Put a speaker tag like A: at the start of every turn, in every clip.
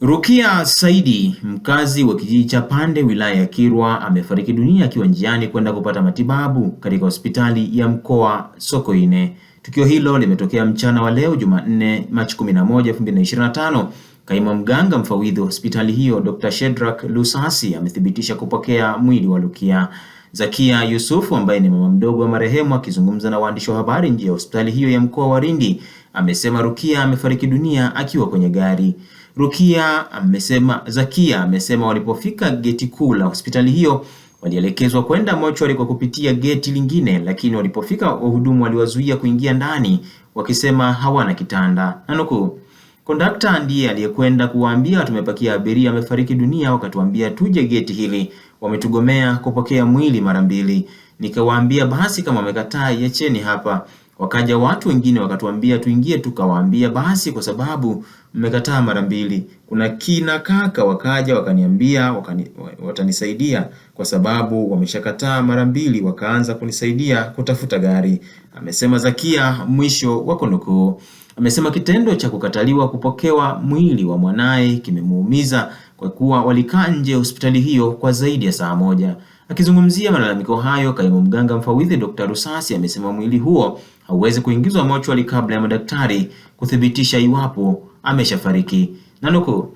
A: Rukia Saidi mkazi wa kijiji cha Pande wilaya ya kirwa amefariki dunia akiwa njiani kwenda kupata matibabu katika hospitali ya mkoa Sokoine. Tukio hilo limetokea mchana wa leo Jumanne, Machi 11, 2025. Kaimu mganga mfawidhi wa hospitali hiyo Dr. Shedrack Lusasi amethibitisha kupokea mwili wa Rukia. Zakia Yusufu ambaye ni mama mdogo wa marehemu, akizungumza na waandishi wa habari nje ya hospitali hiyo ya mkoa wa Lindi, amesema Rukia amefariki dunia akiwa kwenye gari. Rukia amesema, Zakia amesema walipofika geti kuu la hospitali hiyo walielekezwa kwenda mochwari kwa kupitia geti lingine, lakini walipofika wahudumu waliwazuia kuingia ndani wakisema hawana kitanda. Nanukuu, kondakta ndiye aliyekwenda kuwaambia tumepakia abiria amefariki dunia, wakatuambia tuje geti hili, wametugomea kupokea mwili mara mbili. Nikawaambia basi kama wamekataa, iacheni hapa. Wakaja watu wengine wakatuambia tuingie, tukawaambia basi, kwa sababu mmekataa mara mbili. Kuna kina kaka wakaja wakaniambia wakani, watanisaidia kwa sababu wameshakataa mara mbili, wakaanza kunisaidia kutafuta gari, amesema Zakia mwisho wa kunukuu. Amesema kitendo cha kukataliwa kupokewa mwili wa mwanaye kimemuumiza kwa kuwa walikaa nje hospitali hiyo kwa zaidi ya saa moja. Akizungumzia malalamiko hayo, kaimu mganga mfawidhi Dr. Rusasi amesema mwili huo hauwezi kuingizwa mochwari kabla ya madaktari kuthibitisha iwapo ameshafariki. Nanukuu,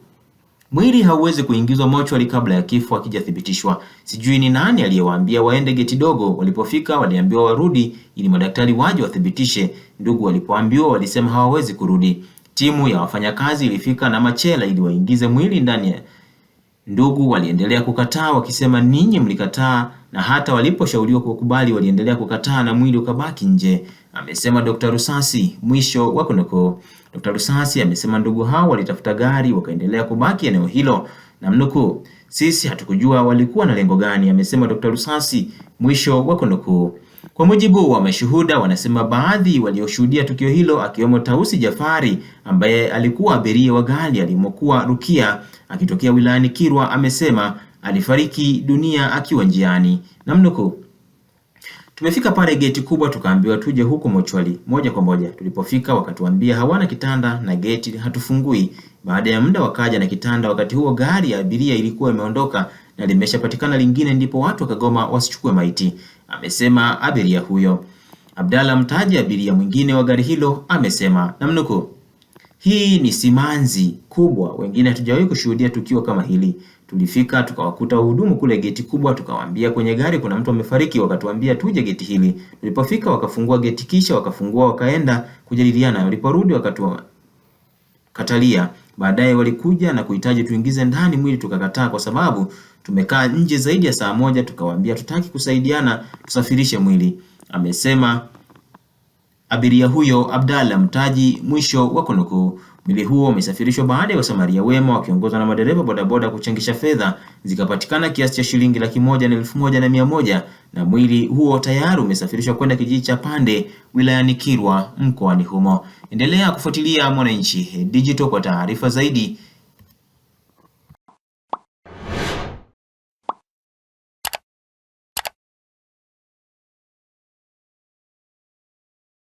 A: mwili hauwezi kuingizwa mochwari kabla ya kifo hakijathibitishwa. Sijui ni nani aliyewaambia waende geti dogo. Walipofika waliambiwa warudi ili madaktari waje wathibitishe. Ndugu walipoambiwa walisema hawawezi kurudi. Timu ya wafanyakazi ilifika na machela ili waingize mwili ndani ya Ndugu waliendelea kukataa wakisema, ninyi mlikataa, na hata waliposhauriwa kukubali waliendelea kukataa na mwili ukabaki nje, amesema Dr. Rusasi. Mwisho wa kunukuu. Dr. Rusasi amesema ndugu hao walitafuta gari wakaendelea kubaki eneo hilo, na mnukuu sisi hatukujua walikuwa na lengo gani, amesema Dr. Rusasi. Mwisho wa kunukuu. Kwa mujibu wa mashuhuda, wanasema baadhi walioshuhudia tukio hilo akiwemo Tausi Jafari ambaye alikuwa abiria wa gari alimokuwa Rukia akitokea wilayani Kirwa amesema alifariki dunia akiwa njiani, namnukuu: Tumefika pale geti kubwa tukaambiwa tuje huko mochwali moja kwa moja. Tulipofika wakatuambia hawana kitanda na geti hatufungui. Baada ya muda wakaja na kitanda, wakati huo gari ya abiria ilikuwa imeondoka na limeshapatikana lingine, ndipo watu wakagoma wasichukue maiti amesema abiria huyo. Abdalla, mtaji abiria mwingine wa gari hilo, amesema namnuku hii ni simanzi kubwa, wengine hatujawahi kushuhudia tukio kama hili. Tulifika tukawakuta wahudumu kule geti kubwa, tukawaambia kwenye gari kuna mtu amefariki, wakatuambia tuje geti hili. Tulipofika wakafungua geti, kisha wakafungua, wakaenda kujadiliana, waliporudi wakatuwa katalia Baadaye walikuja na kuhitaji tuingize ndani mwili, tukakataa kwa sababu tumekaa nje zaidi ya saa moja, tukawaambia tutaki kusaidiana tusafirishe mwili. Amesema abiria huyo Abdalla Mtaji. Mwisho wa kunukuu. Mwili huo umesafirishwa baada ya wasamaria wema wakiongozwa na madereva bodaboda kuchangisha fedha zikapatikana kiasi cha shilingi laki moja na elfu moja na mia moja na mwili huo tayari umesafirishwa kwenda kijiji cha Pande wilayani Kilwa mkoani humo. Endelea kufuatilia Mwananchi Digital kwa taarifa zaidi.